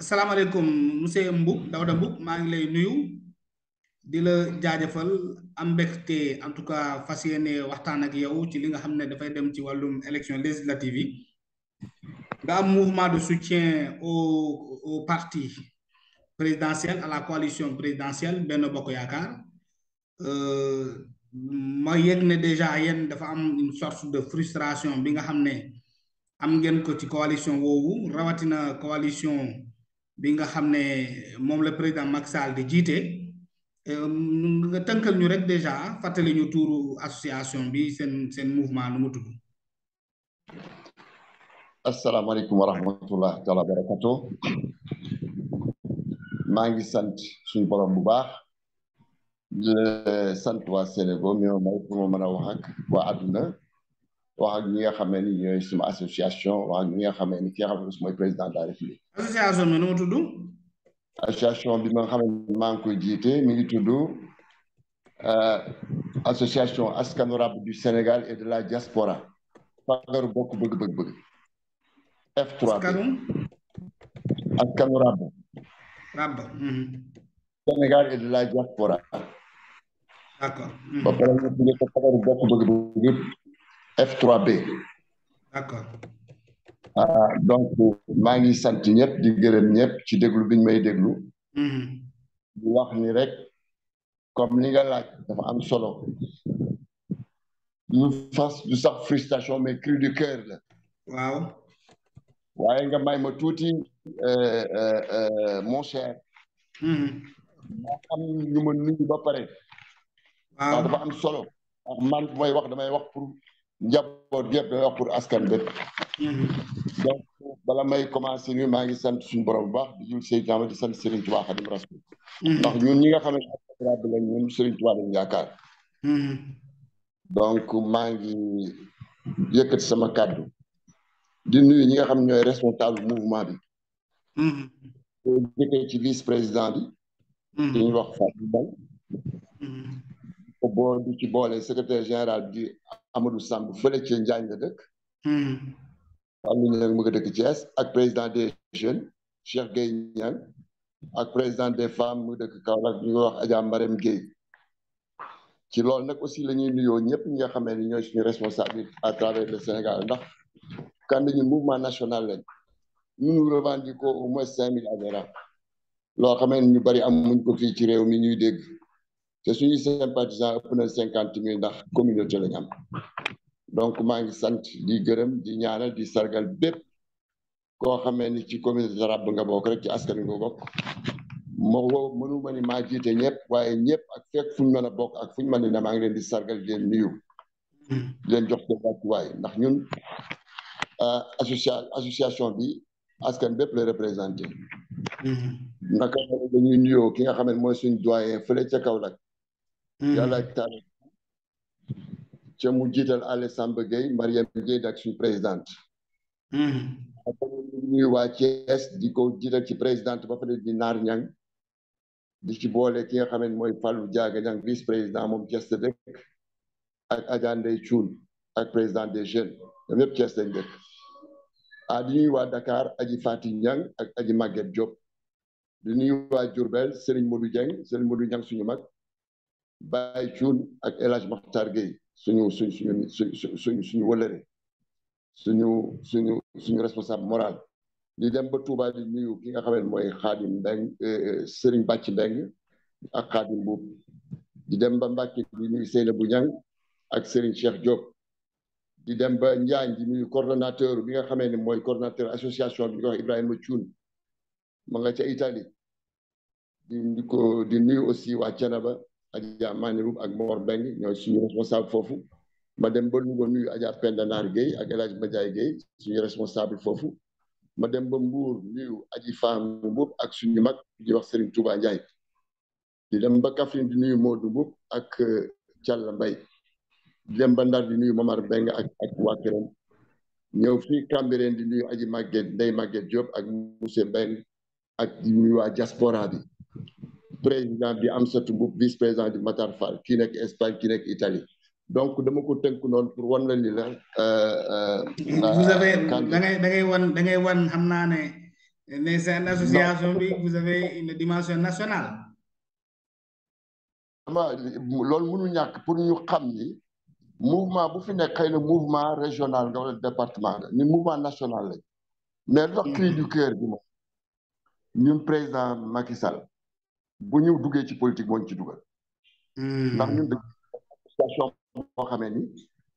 asalaamaaleykum monsieur Mboup da Mboup maa ngi lay nuyu di la jaajëfal am mbégte en tout cas fas yéene waxtaan ak yow ci li nga xam ne dafay dem ci wàllum élection législative yi nga am mouvement de soutien au au parti présidentiel à la coalition présidentielle Benno Bokk Yaakaar euh, ma yëg ne déjà yéen dafa am une sorte de frustration bi nga xam ne. am ngeen ko ci coalition woowu rawatina coalition bi nga xam ne moom la président mak Sall di jiite euh, nga tënkal ñu rek déjà fàttali ñu tuuru association bi seen seen mouvement nu mu tudd. asalaamaaleykum wa rahmatulah ngi sant suñu borom bu baax di sant waa Sénégal mi ma may pour ma mën a wax ak ñi nga xamee ni ñooy suma association wax ak ñi nga xamee ni ki nga xam ne président de la république. association bi nu mu association bi nga xam ne maa ngi koy jiite mi ngi tudd euh, association askanu rab du Sénégal et de la diaspora. fagaru bokk bëgg bëgg bëgg. f rab. Mhm. Sénégal et de la diaspora. d'accord. ba bokk bëgg bëgg. F3B. Ah, donc maa ngi sant ñëpp di gërëm ñëpp ci déglu bi may déglu. Mm-hmm. di wax ni rek comme li nga laaj dafa am solo. lu fas du sax frustration mais cri du cœur la. waaw. waaye nga may ma tuuti euh, euh, euh, mon cher. Mm-hmm. maa am ñu ma nuyu ba pare. waaw dafa am solo. man bu may wax damay wax pour. njaboot yëpp dafa wax pour askan bi mm-hmm. donc bala may commencé ni maa ngi sant suñu borom bu baax di jul Seydina Muhammad di sant Serigne Touba Khadim Rasoul mm-hmm. ñun ñi nga xam ne askan bi lañ ñun Serigne Touba mm-hmm. donc maa ngi yëkkati sama kàddu di nuyu ñi nga xam ñooy responsable mouvement bi te jëkkee ci vice président bi dañuy wax Fatou Mbaye boo di ci boole secrétaire général bi Amadou Samb fële ci Njaañ la dëkk. Hmm. am nañu nag mu ngi dëkk Thiès ak président des jeunes Cheikh Gueye Niang ak président des femmes mu dëkk Kaolack ñu wax Adja Mbarem Gueye ci loolu nag aussi la ñuy nuyoo ñëpp ñi nga xamee ni ñooy suñu responsabilité à travers le Sénégal ndax kan ñun mouvement national lañ ñun nous revendiquons au moins cinq mille adhérents loo xamee ni ñu bari amuñ ko fii ci réew mi ñuy dégg. te suñu sympathisant ëpp na cinquante mille ndax communauté la am donc maa ngi sant di gërëm di ñaanal di sargal bépp koo xamee ni ci communauté arabe nga bokk rek ci askan wi nga mënu ma ni maa jiite ñëpp waaye ñëpp ak fekk fu ñu mën a bokk ak fu ñu mën ne maa ngi di sargal di leen nuyu hmm. jox ko wàccuwaay ndax ñun euh, associa association bi askan bépp hmm. la représenté naka dañuy nuyoo ki nga xam ne mooy suñu doyen fële ca Kaolack yàlla mm-hmm. taal ca mu jiital Allé Samba Gueye Mariam Gueye dak suñu présidente mm-hmm. ñuy waa Thiès di ko jiital ci présidente ba pare di naar ñang di ci boole ki nga xam mooy Fallou Diaga ñang vice président moom Thiès la dëkk ak Adja Ndeye Thioune ak président des jeunes ñoom ñëpp Thiès lañ dëkk ah di ñuy waa Dakar aji Fati Ñang ak aji Maguette Diop di ñuy waa Diourbel Serigne Modou Dieng Serigne Modou Dieng suñu mag Baye Thioune ak El Hadj Makhtar Gueye suñu suñ suñu suñu suñu suñu suñu suñu responsable moral di dem ba Touba di nuyu ki nga xam ne mooy Xaadim Mbeng euh, euh, Sëriñ Bàcc Mbeng ak Xaadim Buub di dem ba Mbàkke di nuyu seene bu Ñang ak Sëriñ Cheikh Diop di dem ba Njaañ di nuyu coordonnateur bi nga xamee ne mooy coordonnateur association bi ñu ma nga ca Italie di ko di nuyu aussi waa ba Adja Mani Roub ak Mor Beng ñooy suñu responsable foofu ma dem ba Louga nuyu Adja Penda Naar Guèye ak El Hadj Madiaye Guèye suñu responsable foofu ma dem ba Mbour nuyu Aji Faam Mbuub ak suñu mag di wax Serigne Touba Ndiaye dem ba Kaffrine di nuyu Modou Mbuub ak euh, Thialla Mbaye di dem ba Ndar di nuyu Mamar Beng ak ak waa këram di nuyu Aji Maguette Ndeye Maguette Diop ak Mousse Beng ak di nuyu waa diaspora président bi Amsatou Mboup vice président di Matar Fall kii nekk Espagne kii nekk Italie donc dama ko tënk noonu pour wan la ni la. Euh, euh, vous euh, da ngay da wan da ngay wan xam naa ne. ne seen association bi vous avez une dimension nationale. ama loolu mënu ñàkk pour ñu xam ni mouvement bu fi nekk xëy na mouvement régional nga département la ni mouvement national lañ mais dox cri du cœur bi moom ñun président Macky bu ñu duggee ci politique moo ñu ci dugal. Hmm. ndax ñun dañu situation boo xamee ni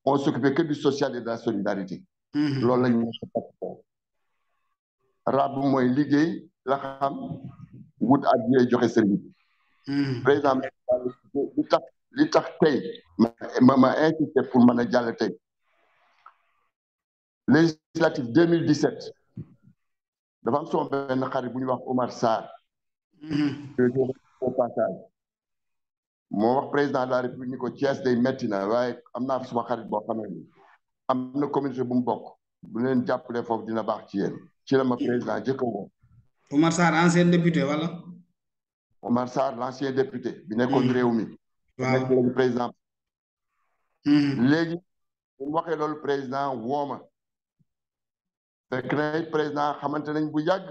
on s'occupait que du social et de la solidarité. Hmm. loolu la ñu raab mooy liggéey la xam wut ak ñooy joxe sëriñ bi. Hmm. li tax li tey ma ma incité pour mën a jàll tey. législative 2017 dafa am sama benn xarit bu ñuy wax Omar Sarr. au passage moo wax président de la république ni ko Thiès day métti waaye am naa fi suma xarit boo xamee ni am na communauté bu mu bokk bu leen jàppale foofu dina baax ci yéen ci la ma président jëkk a woo Omar Sarr ancien député wala Omar Sarr l'ancien député bi nekkoon hmm. réew mi président hmm. léegi bu mu waxee loolu président wooma fekk na président xamante nañ bu yàgg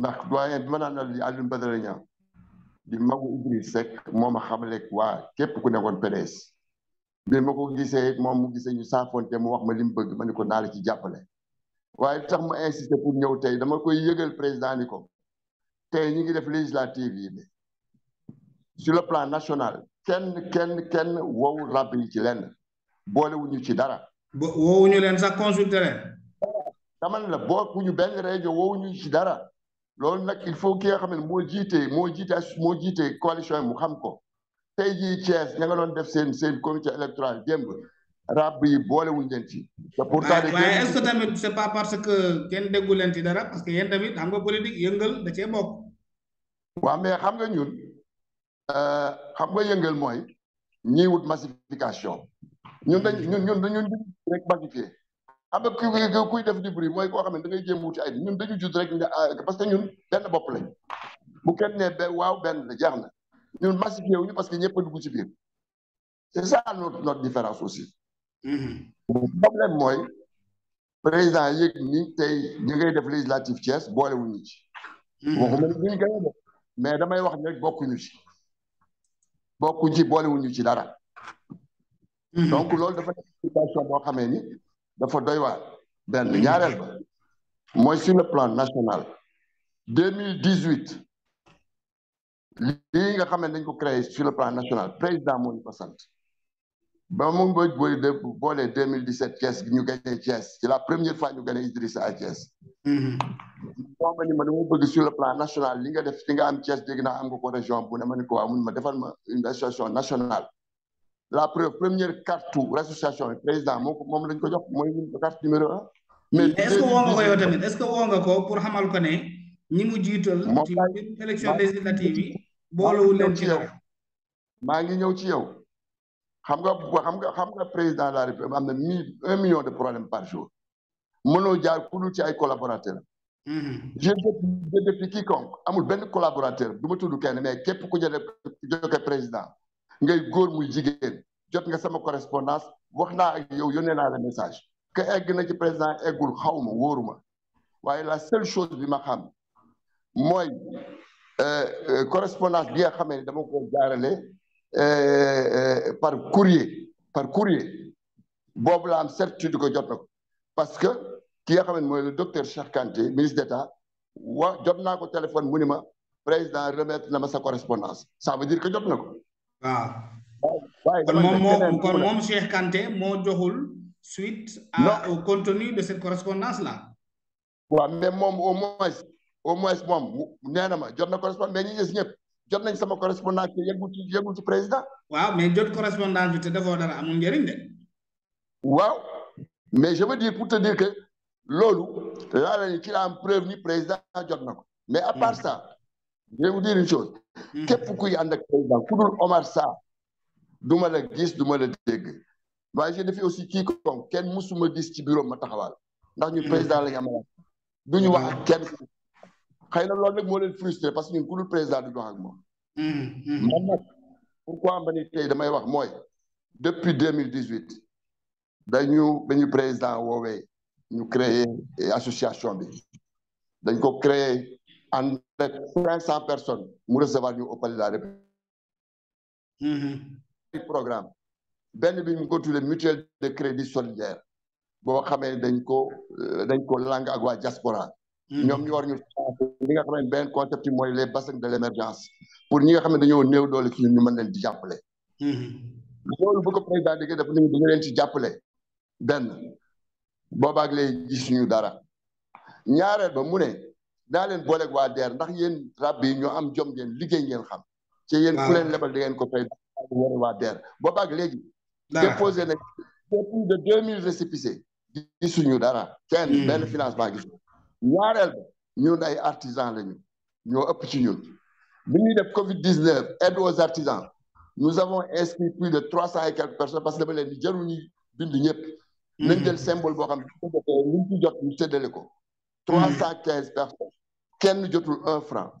ndax doyen bi ma naan daal di Alioune Badara Niang di magu Idriss Seck moo ma lek waa képp ku nekkoon PDS bi ma ko gisee moom mu gisee ñu te mu wax ma li mu bëgg ma ne ko ci jàppale waaye tax mu insister pour ñëw tey dama koy yëgal président ni ko tey ñu ngi def législative yi sur le plan national kenn kenn kenn wowu rab yi ci lenn boolewuñu ci dara. woowuñu leen sax consulter leen. ne la bokkuñu benn rajo woowuñu ci dara. loolu nag il faut ki nga xam ne moo jiite moo jiite moo jiite coalition mu xam ko tey jii Thiès ña nga def seen seen comité électoral démb rab yi boolewuñ leen ci. te pourtant de waaye est-ce que parce que kenn déggu ci dara parce que yéen tamit xam nga politique yëngal da cee bokk. waaw mais xam nga ñun euh, xam nga yëngal mooy ñiy wut massification ñun dañ ñun ñun dañu rek xam nga ku kuy def du mooy koo xam ne da ngay jéem wuti ay ñun dañu judd rek ah, parce que ñun benn bopp lañ bu kenn nee benn waaw benn la jeex na ñun massifié ñu parce que ñëpp duggu dugg ci biir c'est ça notre notre différence aussi. Mm-hmm. problème mooy président yëg ni tey ñu ngay def législative Thiès ci. Mm-hmm. waxuma ne duñ mais damay wax bokkuñu ci bokkuñ ci boolewuñu ci dara. Mm-hmm. donc loolu dafa nekk situation boo xamee ni. dafa doy waar benn mm-hmm. ñaareel ba mooy sur le plan national deux mille dix huit lii nga xam ne dañ ko créé sur le plan national président moo ñu sant ba mu ngi bëri de boolee deux mille dix sept Thiès ñu gagné la première fois ñu gagné Idrissa à Thiès. Mm-hmm. moo ma ni ma dama bëgg sur le plan national li nga def li nga am Thiès dégg naa am nga ko région bu ne ma ni ko waaw mun ma defal ma une association nationale. la preuve première carte l'association président moo ko moom lañ ko jox mooy carte numéro un. mais est-ce ñi mu jiital. ci biir élection maa ngi ñëw ci yow. xam nga xam nga xam nga président la République am million de problème par jour mënoo jaar ku dul ci ay collaborateurs. Mhm. je je défie quiconque amul benn collaborateur du ma tudd kenn mais képp ku jëlee jokkoo président ngay góor muy jigéen. jot nga sama correspondance wax naa ak yow yónnee naa la message que egg na ci président eggul xaw ma wóoru ma waaye la seule chose bi ma xam mooy euh, euh, correspondance bi nga xamee ne dama ko jaarale euh, par courier par courrier boobu la am certitude ko jot na ko parce que ki nga xam ne mooy le docteur Cheikh Kanté ministre d'État wa jot naa ko téléphone mu ni ma président remettre na ma sa correspondance ça veut dire que jot na ko waaw ah. kon moom moo moom Cheikh Kanté moo joxul suite à au contenu de cette correspondance là. waaw mais moom au moins au moins moom nee jot na correspondance mais ñi des ñëpp jot nañ sama correspondance te yëgul ci yëgul ci président. waaw mais jot correspondance bi te defoo dara amul njëriñ de. waaw mais je veux dire pour te dire que loolu laa la ci am preuve ni président jot na ko mais à part hmm. ça je vais dire une chose. Hmm. képp kuy ànd ak président ku dul Omar Sarr. duma la gis duma la dégg waaye j'ai défie aussi kii comme kenn musuma gis ci bureau ma taxawaal ndax ñu président la ñu am du ñu wax ak kenn xëy na loolu nag moo leen frustré parce que ñun ku dul président du ñu wax ak mm-hmm. damay wax mooy depuis deux mille dix huit dañu dañu président woowe ñu créer association bi dañ ko créer en cinq cent personnes mu recevoir ñu au palais programme benn bi ñu ko tuddee mutuel de crédit solidaire boo xamee dañ ko euh, dañ ko langue ak waa diaspora hmm. ñoom ñu war ñu li nga xam ne benn concept mooy les bassins de l' émergence pour ñi a xam ne dañoo néew doole ci ñun ñu mën leen di jàppale hmm. loolu bu ko président déggee dafa nañu dañu leen ci jàppale benn boobaag léegi gis dara ñaareel ba mu ne daa leen booleeg waa DER ndax yéen rab bi ñu am jom ngeen liggéey ngeen xam ci ah. yéen ku leen lebal di ngeen ko fay yore waa DER boobaag léegi. déposé nañ plus de deux mille récépissés gisuñu dara. kenn hmm. benn financement gi ñaareel ba ñun ay artisans lañu ñoo ëpp ci ñun. bi ñuy def Covid 19 aide aux artisans nous avons inscrit plus de trois cent et quelques personnes parce que dama leen di jarul ñu bind ñëpp. Hmm. nañ jël symbole boo xam ne ñu ci jot ñu séddale ko. trois hmm. cent quinze personnes kenn jotul un franc.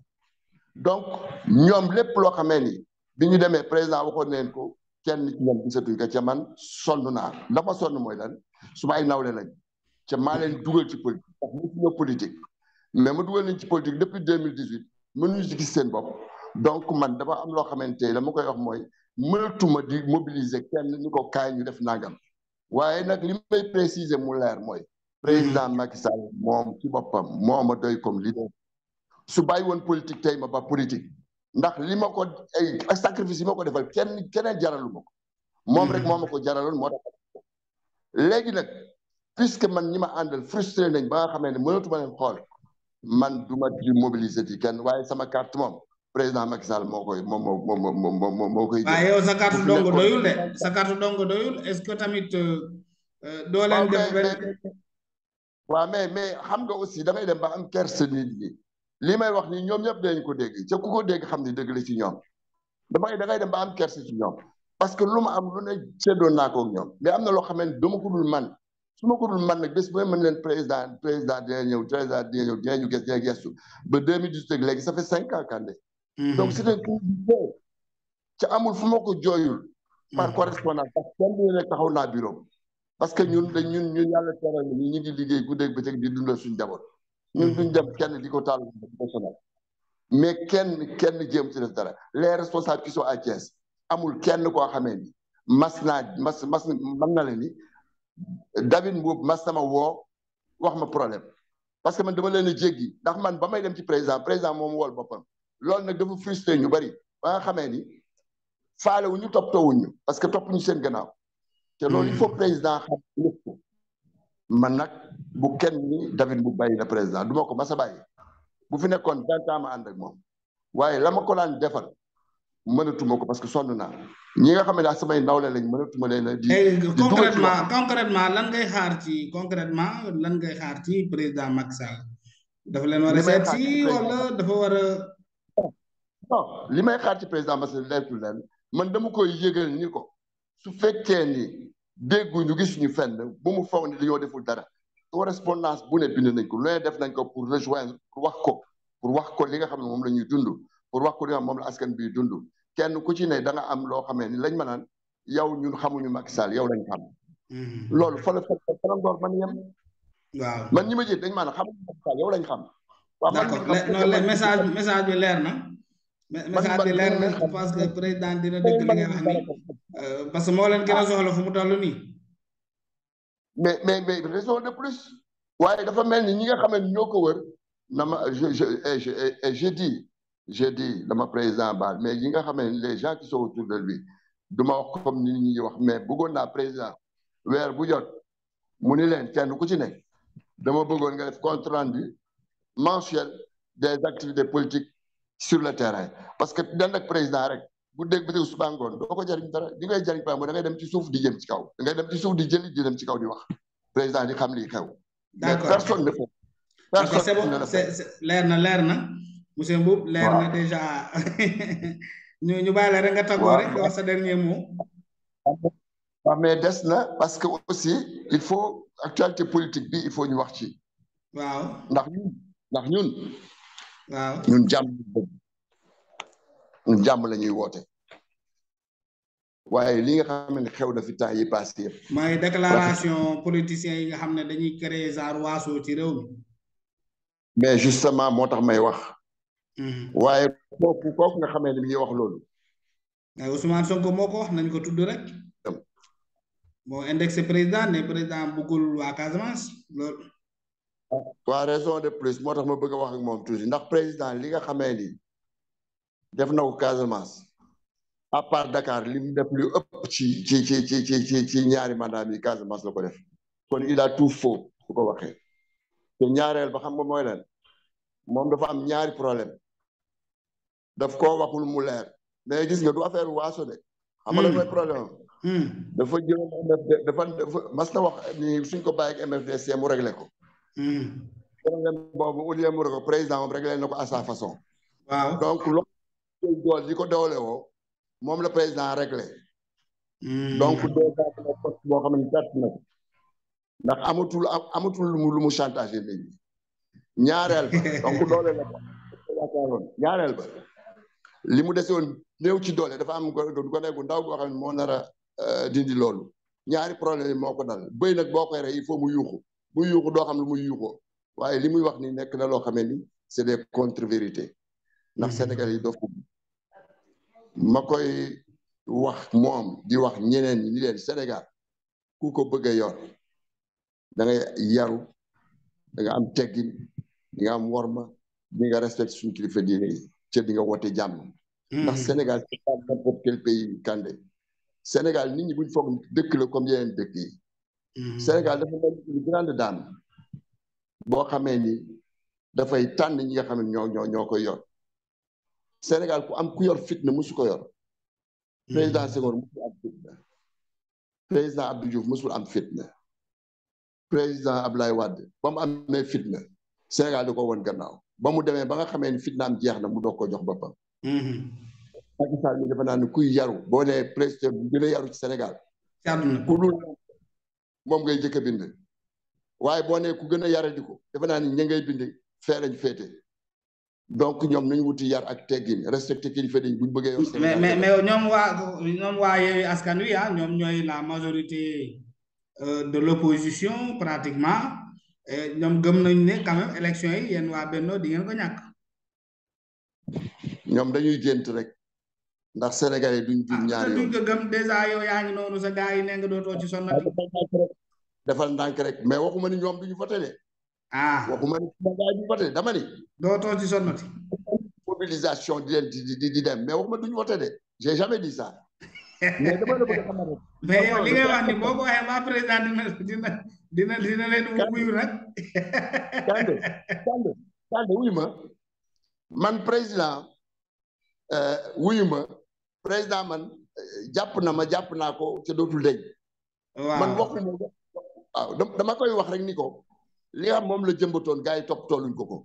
donc ñoom lépp loo xamee nii bi ñu demee président waxoon neen ko kenn ci ñoom gisatuñ ko ca man sonn naa la ma sonn mooy lan su ma ay nawle lañ ca maa leen dugal ci politique ndax mosuñoo politique mais ma dugal nañ ci politique depuis deux mille dix huit mënuñu si gis seen bopp donc man dama am loo xamante ne dama koy wax mooy mënatuma di mobiliser kenn ni ko kaay ñu def nangam waaye nag li may préciser mu leer mooy président Macky Sall moom ci boppam moo ma doy comme leader su bàyyi woon politique tey ma ba politique ndax li ma ko ay sacrifice yi ma ko defal kenn keneen jaralu ko moom rek mm-hmm. moo ma ko jaraloon moo tax léegi nag puisque man ñi ma àndal frustré nañ ba nga xamee ne mënatuma leen xool man duma di mobiliser ci kenn waaye sama carte président Macky Sall moo koy moom moo moo moo moo koy. waaye yow sa carte doyul est-ce que tamit euh, euh, doo leen def benn waaw mais mais xam nga aussi damay dem ba am kersa nit ñi li may wax nii ñoom ñëpp dañ ko dégg ca ku ko dégg xam ne dëgg la ci ñoom damay dangay dem ba am kersi ci ñoom parce que lu ma am lu ne seddoon naa ko ak ñoom mais am na loo xam ne dama ko dul man su ma ko dul man nag bés bu mën leen président président dina ñëw président dina ñëw dina ñu ges dina gëstu ba deux mille dix-huit léegi ça fait cinq ans Kandé mm-hmm. donc c'est un amul fu ma ko jooyul par mm-hmm. correspondance parce que kenn nekk taxaw naa bureau parce que ñun dañ ñun ñun yàlla teral ñu ngi liggéey ku dégg bëccëg di dundal suñu njaboot ñun mmh. duñ dem kenn di ko taal national mais kenn kenn jéem ci dara les responsables qui sont à Thiès amul kenn koo xamee ni mas naa mas mas mën na leen ni David Mboup mas sama woo wax ma problème parce que man a leen a jéggi ndax man ba may dem ci président président moom wool boppam loolu nag dafa frustré ñu bëri ba nga xamee ni faale wu ñu toppatoo wuñ parce que topp ñu seen gannaaw te loolu il mmh. président xam ko bu kenn ni David bu bàyyi na président du ma ko mas a bu fi nekkoon vingt ans ma ànd moom waaye la ma ko daan defal mënatuma ko parce que sonn naa ñi nga xam ne daal samay nawle lañ mënatuma leen a. di eh, di concrètement concrètement lan ngay xaar ci concrètement lan ngay xaar ci président Macky Sall. dafa leen war a seet si wala dafa war a. non li may xaar ci président Macky Sall lentul leen man dama koy yëgal ni ko su fekkee ni ñu gis ñu fenn bu mu faw ni dañoo deful dara. correspondance bu ne bind nañ ko lu ne def nañ ko pour rejoindre pour wax ko pour wax ko li nga xam ne moom la ñuy dund pour wax ko li nga xam moom la askan bi dund kenn ku ci ne da am loo xamee ni lañ ma naan yow ñun xamuñu Macky Sall yow lañ xam. Mm-hmm. loolu fa la fekk Farandor man yem. waaw man ñi ma jël dañ maanaam xamuñu Macky Sall lañ xam. d'accord non message message bi leer na. message bi leer na parce que président dina dégg li nga wax ni euh, parce que moo leen gën a ah. soxla fu mu toll nii. mais mais mais raison de plus waaye dafa mel ni ñi nga xam ne ñoo ko wër na ma je je eh, je eh, eh, je dama président Ba mais ñi nga xam ne les gens qui sont autour de lui du ma wax comme ni ñuy wax mais bëggoon naa président weer bu jot mu ni leen kenn ku ci nekk dama bëggoon nga def compte rendu mensuel des activités politiques sur le terrain parce que dend ak président rek. guddeeg bëccëg suba ngoon doo ko jariñ dara li ngay jariñ paa mooy da ngay dem ci suuf di jëm ci kaw da ngay dem ci suuf di jëli di dem ci kaw di wax président di xam lii xew. d'accord personne ne foofu. personne ne leer na leer na monsieur Mboup leer na déjà ñu ñu bàyyi la nga tàggoo rek wax sa dernier mot. waaw mais des na parce que aussi il faut actualité politique bi il faut ñu wax ci. waaw ndax ñun ndax ñun. waaw jàmm la ñuy woote waaye li nga xam ne xew na fi temps yi passé yëpp. mooy déclaration politiciens yi nga xam ne dañuy créer genre waaso ci réew mais justement moo tax may wax. Hmm. waaye kooku kooku nga xamee ne mi ngi wax loolu. mais Ousmane Sonko moo ko wax nañ ko tudd rek. bon indexé président ne président bëggul waa Casamance loolu. waa ah, raison de plus moo tax ma bëgg a wax ak moom toujours ndax président li nga xamee ni. def na ko Casamance à part Dakar li mu def lu ëpp ci ci ci ci ci ci ñaari mandat bi Casamance la ko def kon il a tout ko waxee te ñaareel ba xam nga mooy leen moom dafa am ñaari problème daf ko waxul mu leer mais gis nga du affaire waaso de xam nga mooy hmm. problème hmm. dafa jëloon MFD dafa dafa mas wax suñ ko bàyyi ak MFDC mu réglé ko hmm. problème boobu au mu président moom na ko à façon donc loolu doole di ko doole woo moom la président réglé. Hmm. donc dèjà dina xam ne perte na ndax amatul amatul lu mu lu mu chantage léegi ñaareel donc doole la ko ñaareel ba li mu dese woon néew ci doole dafa am gone gu ndaw goo xam moo nar euh, dindi loolu ñaari problème yi moo ko dal bëy nag boo koy rey il mu yuuxu bu yuuxu doo xam lu muy yuuxoo waaye li muy wax ni nekk na loo xamee ni c'est des contre-vérités ndax hmm. Sénégal yi doo ma koy wax moom di wax ñeneen ñi ni leen Sénégal ku ko bëgg a yor yaru da am teggin di nga am worma di nga respecté suñu kilifa diine yi te di nga wote jàmm hmm. ndax Sénégal c'est pas nit ñi buñ foog dëkk la comme yeneen dëkk hmm. Sénégal dafa mel ni grande dame boo xamee ni dafay tànn ñi nga xam ne ñoo ñoo koy yor Sénégal ku am ku yor fitna musu ko yor. Hmm. président Senghor musul am fitna. président Abdou Diouf musul am fitna. président Ablaye Wade ba mu fitna Sénégal ko woon gannaaw ba mu demee ba nga xamee ni fitna am jeex na mu doog ko jox boppam. Hmm. Macky Sall mi dafa naan kuy yaru boo nee président bu gën a yaru ci Sénégal. ku moom ngay jëkk a bind. waaye boo ne ku gën a yaradi ko dafa naa ni ña ngay bind fee lañ féete. donc ñoom nañu wuti yar ak teggin respecté kilifa yi buñ bëggee. yor mais mais mais ñoom waa ñoom waa Yewwi Askan Wi ah ñoom ñooy la majorité euh, de l'opposition pratiquement ñoom gëm nañ ne quand élection yi yéen waa Benno di ngeen ko ñàkk. ñoom dañuy gént rek ndax sénégalais duñ jur ah, ñaari yoon duñ ko gëm dèjà yow yaa ngi noonu yi ne nga dootoo ci sonnati. defal ndànk rek mais waxuma ni ñoom duñu voté de ah waxuma ne sama gars yi duñ dama ni. dootoo ci di leen di di di dem mais waxuma duñ voté de j'ai jamais dit ça. mais dama la a xamal rek. mais li ngay wax ni boo ko waxee waa président dina dina dina wuyu nag. Kande Kande wuyu ma man président euh, wuyu ma président man euh, jàpp na ma jàpp naa ko ca dootul deñ. man waxuma waaw dama koy wax rek ni ko. li nga xam moom la jëmbatoon gars yi topp tooluñ ko ko.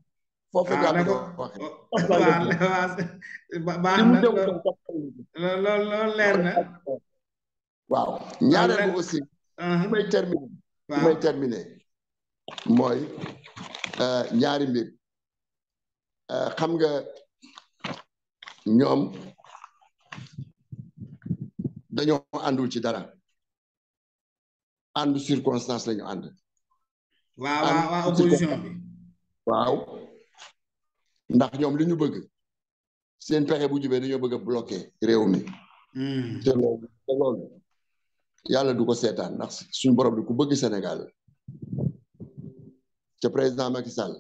foofu ah, la ñu waxee oh, baax na loolu leer na. waaw ñaareel ko aussi. su may uh-huh. terminer. waaw may terminer. mooy euh, ñaari mbir euh, xam nga ñoom dañoo àndul ci dara ànd circonstance la ñu ànd. waa waaw ndax ñoom li ñu bëgg seen pexe bu jubee dañoo bëgg a bloqué réew mi hmm. te loolu te loolu yàlla du ko seetaan ndax suñu borom bi ku bëgg Sénégal ca président Macky Sall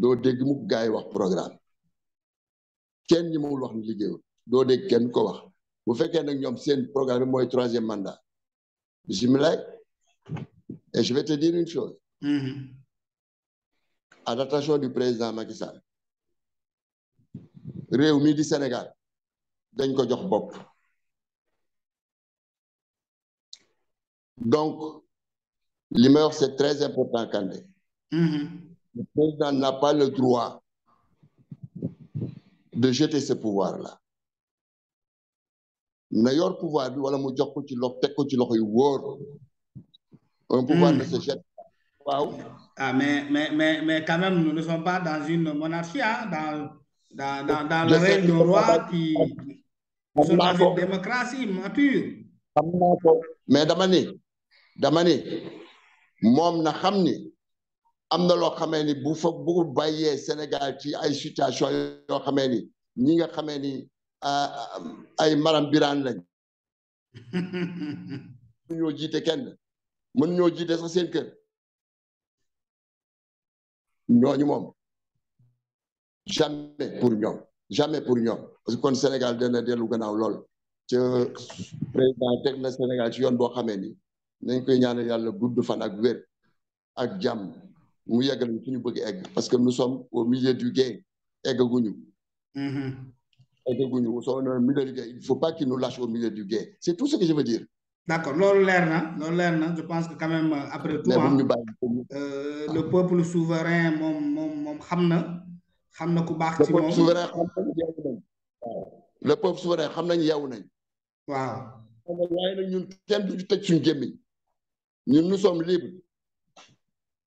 doo dégg mu gaay wax programme kenn ñi mawul wax ni liggéeyul doo dégg kenn ko wax bu fekkee nag ñoom seen programme bi mooy troisième mandat bisimilah Et eh, je vais te dire une chose. Mm du président Macky Sall. réew mi di Sénégal dañ ko jox bopp. donc li may wax c'est très important Kandé. Mm -hmm. le président n'a pas le droit de jeter ce pouvoir-là. na yor pouvoir bi wala mu jox ko ci loxo ko ci loxo yu wóor. Un pouvoir ne hmm. ah, mais, mais, mais, mais quand même, nous dans une monarchie, hein, dans, dans, dans, dans le roi qui. démocratie mature. mais dama ni dama moom na xam ni am na loo xamee ni bu fa bu bàyyee Sénégal ci ay situation yoo xamee ni ñi nga xamee ni ah, ah, ay maram biraan lañ. ñoo jiite kenn. mën ñoo des sax seen kër ñooñu moom jamais pour ñoom pour ñoom parce que kon Sénégal na dellu gannaaw lool ca président teg na Sénégal ci yoon boo xamee ni nañ koy ñaanal yàlla gudd fan ak wér ak jàmm mu yeggal fu ñu bëgg egg parce que nous sommes au milieu du gué eggaguñu mm-hmm. eggaguñu nous sommes au milieu du gué il faut pas qu'il nous lâche au milieu du gué c'est tout ce que je veux dire D'accord, je pense que quand même, euh, après tout, hein, euh, le peuple souverain, mon, mon, mon, xamna, xamna ku baax ci mom. Le peuple souverain, le peuple souverain, xam nañ yaw nañ. Waaw. Waaye nag ñun kenn du tëj suñu gémmiñ. Ñun nous sommes libres.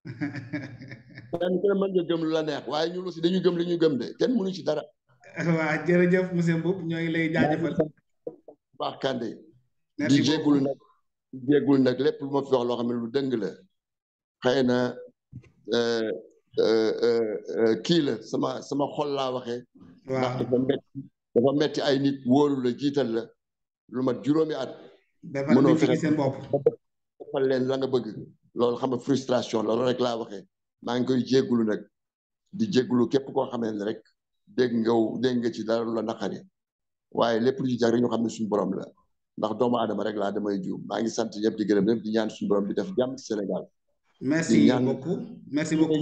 Kenn ku ne mën nga gëm lu la neex waaye ñun aussi dañu gëm li ñu gëm de kenn mënu ci dara. Waaw jërëjëf monsieur Mboup ñoo ngi lay jaajëfal. Baax Kandé. di jéggul nag di jéggul nag lépp lu ma fi loo xam ne lu dëng la xëy na euh, euh, euh, kii la sama sama xol laa waxee ndax dafa metti ay nit wóolu la jiital la lu mat juróomi at mënoo fexe seen bopp leen la nga bëgg loolu xam nga frustration la loolu rek laa waxee maa ngi koy jéggulu nag di jéggulu képp koo xamee ne rek dégg nga dégg nga ci dara la naqari waaye lépp lu ci jag xam ne suñu borom la ndax doomu aadama rek laa damay juum maa ngi sant ñëpp di gërëm ñëpp di ñaan suñu borom di def jàmm ci Sénégal. merci beaucoup merci beaucoup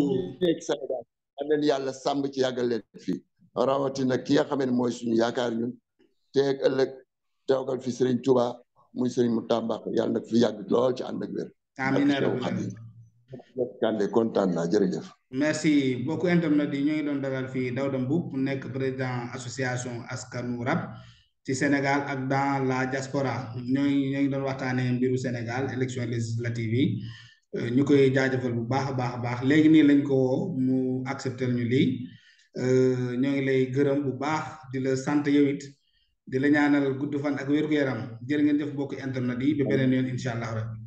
Sénégal am leen yàlla sàmm ci yàggal leen fii rawatina ki nga xamee mooy suñu yaakaar ñun teeg ëllëg teewgal fi sëriñ Touba muy sëriñ mu tàmbax yàlla nag fi yàgg lool ci ànd ak wér. amiin Kande kontaan naa jërëjëf. merci beaucoup internet yi ñoo ngi doon dalal fii Daouda Mboup nekk président association askanu rap. ci Sénégal ak dans la diaspora ñooy ñoo ngi doon waxtaanee mbiru Sénégal élection législative yi euh, ñu koy jaajëfal bu baax a baax a baax léegi nii lañ ko mu accepter ñu lii euh, ñoo ngi lay gërëm bu baax di la sant yow di la ñaanal gudd fan ak wér gu yaram jërë ngeen jëf mbokk internet yi ba beneen yoon incha allah rabbi